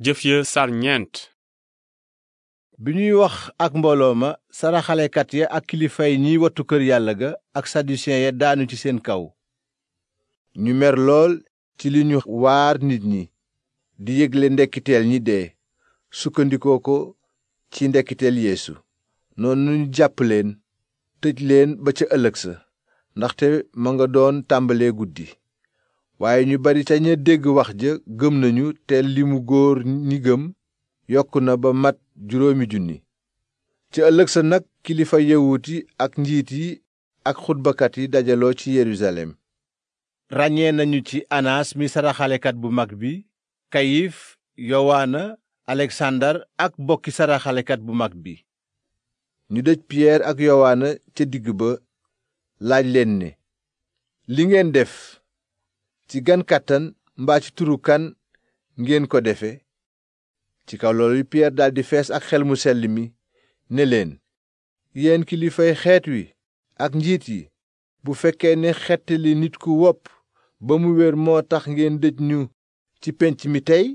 jëf ya bi ñuy wax ak mbooloo ma saraxalekat ya ak kilifay ñiy wattu kër yàlla ga ak sadusiyen ya daanu ci seen kaw ñu mer lool ci li ñu waar nit ñi di yégle ndekkiteel ñi dee sukkandikoo ko ci ndekkiteel yéesu noonu ñu jàpp leen tëj leen ba ca ëllëg sa ndaxte mu nga doon tàmbalee guddi waaye ñu bari te ña dégg wax ja gëm nañu te limu góor ñi gëm yokk na ba mat juróomi junni ci ëllëg sa nag kilifa yawut ak njiit yi ak xutbakat yi dajaloo ci yerusalem ràññee nañu ci anaas mi saraxalekat bu mag bi kayif yowaana aleksandar ak bokki saraxalekat bu mag bi ñu dëj piyeer ak yowaana ca digg ba laaj leen ne li ngeen def ci gan kàttan mbaa ci turu kan ngeen ko defe ci kaw loolu piyeer daldi fees ak xel mu sell mi ne leen yéen kilifay xeet wi ak njiit yi bu fekkee ne xettali nit ku wopp ba mu wér moo tax ngeen dëj ñu ci pénc mi tey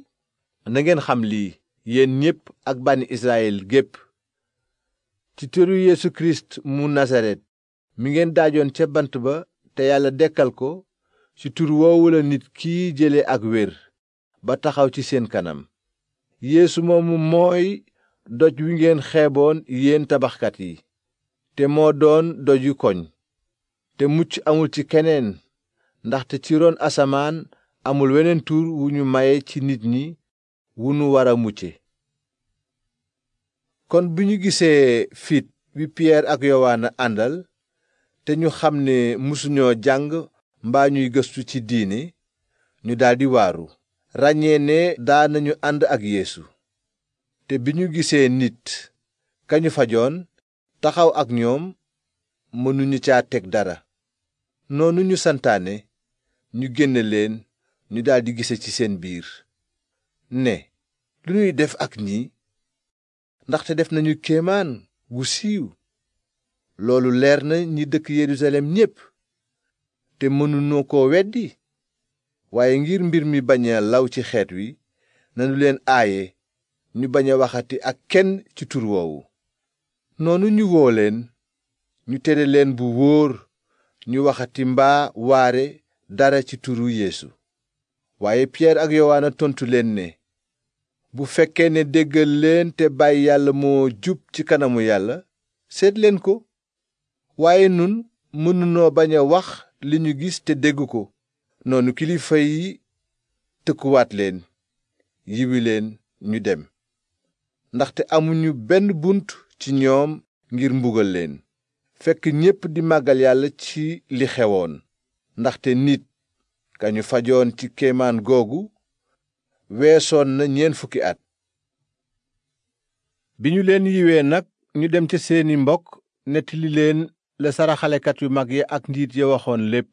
na ngeen xam lii yéen ñépp ak bànni israyil gépp ci tëru yeesu kirist mu nasaret mi ngeen daajoon ca bant ba te yàlla dekkal ko ci tur woowu la nit ki jële ak wér ba taxaw ci seen kanam yéesu moomu mooy doj wi ngeen xeeboon yéen tabaxkat yi te moo doon doju koñ te mucc amul ci keneen ndaxte ci ron asamaan amul weneen tur wu ñu maye ci nit ñi wu nu war a mucce kon bi gisee fit bi ak yowaana àndal te ñu xam ne mësuñoo jàng mbaa ñuy gëstu ci diine ñu daldi waaru ràññee ne daanañu ànd ak yeesu te bi ñu gisee nit kañu fajoon taxaw ak ñoom mënuñu caa teg dara noonu ñu santaane ñu génne leen ñu daldi gise ci seen biir ne lu ñuy def ak ñi ndaxte def nañu kéemaan gu siiw loolu leer na ñi dëkk Yerusalem ñépp te mënuñu ko weddi waaye ngir mbir mi bañ a law ci xeet wi nanu leen aaye ñu bañ a waxati ak kenn ci tur woowu noonu ñu woo leen ñu tere leen bu wóor ñu waxati mbaa waare dara ci turu yéesu waaye piyeer ak yowaana tontu leen ne bu fekkee ne déggal leen te bàyyi yàlla moo jub ci kanamu yàlla seet leen ko waaye nun mënunoo bañ a wax li ñu gis te dégg ko noonu kilifa yi tëkkuwaat leen yiwi leen ñu dem ndaxte amuñu benn bunt ci ñoom ngir mbugal leen fekk ñépp di màggal yàlla ci li xewoon ndaxte nit kañu fajoon ci kemaan googu weesoon na ñeent fukki at bi ñu leen yiwee nag ñu dem ca seeni mbokk nettali leen la saraxalekat yu mag yi ak njiit ya waxoon lépp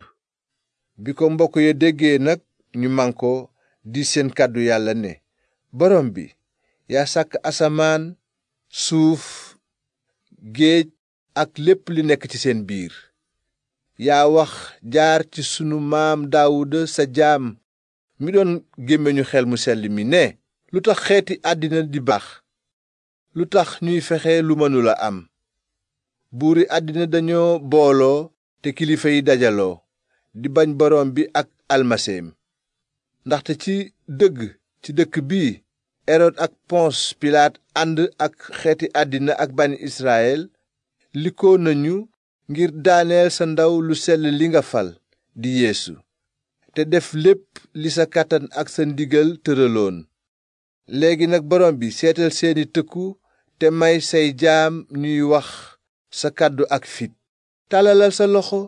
bi ko mbokk ya déggee nag ñu mànkoo di seen kàddu yàlla ne borom bi yaa sàkk asamaan suuf géej ak lépp li nekk ci seen biir yaa wax jaar ci sunu maam daawuda sa jaam mi doon gémmiñu xel mu sell mi ne lu tax xeeti àddina di baax lu tax ñuy fexe lu mënula am buur buuri àddina dañoo booloo te kilifa yi dajaloo di bañ boroom bi ak almaseem ndaxte ci dëgg ci dëkk bii erod ak pons pilaat ànd ak xeeti àddina ak bani israyel likoo nañu ngir daaneel sa ndaw lu sell li nga fal di yéesu te def lépp li sa kàttan ak sa ndigal tëraloon léegi nag borom bi seetal seeni tëkku te may say jaam ñuy wax sa kàddu ak fit tàllalal sa loxo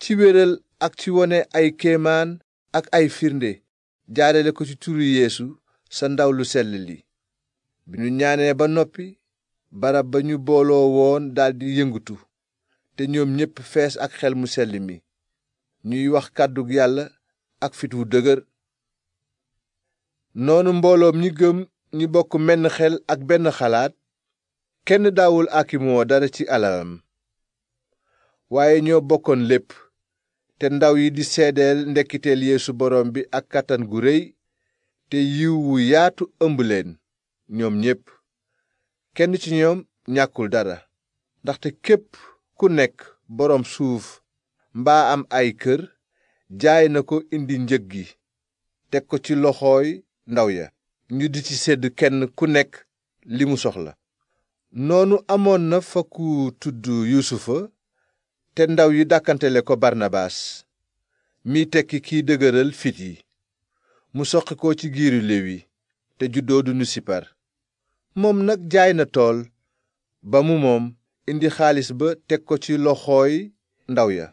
ci wéral ak ci wone ay kéemaan ak ay firnde jaarale ko ci turu yeesu sa ndaw lu sell li bi ñu ñaanee ba noppi barab ba ñu booloo woon daldi yëngutu te ñoom ñépp fees ak xel mu sell mi ñuy wax kàddu yàlla ak fit wu dëgër noonu mbooloom ñi gëm ñi bokk menn xel ak benn xalaat kenn daawul aakimoo dara ci alalam waaye ñoo bokkoon lépp te ndaw yi di seedeel ndekkiteel yeesu borom bi ak kattan gu réy te yiw yaatu ëmb leen ñoom ñépp kenn ci ñoom ñàkkul dara ndaxte képp ku nekk boroom suuf mbaa am ay kër jaay na ko indi njëg gi teg ko ci loxooy ndaw ya ñu di ci sedd kenn ku nekk li mu soxla noonu amoon na fa tudd yuusufa te ndaw yi dàkkantele ko barnabaas mi tekki kiy dëgëral fit yi mu soqi ko ci giiru lewi te juddoo dunu sipar moom nag jaay na tool ba mu moom indi xaalis ba teg ko ci loxooy ndaw ya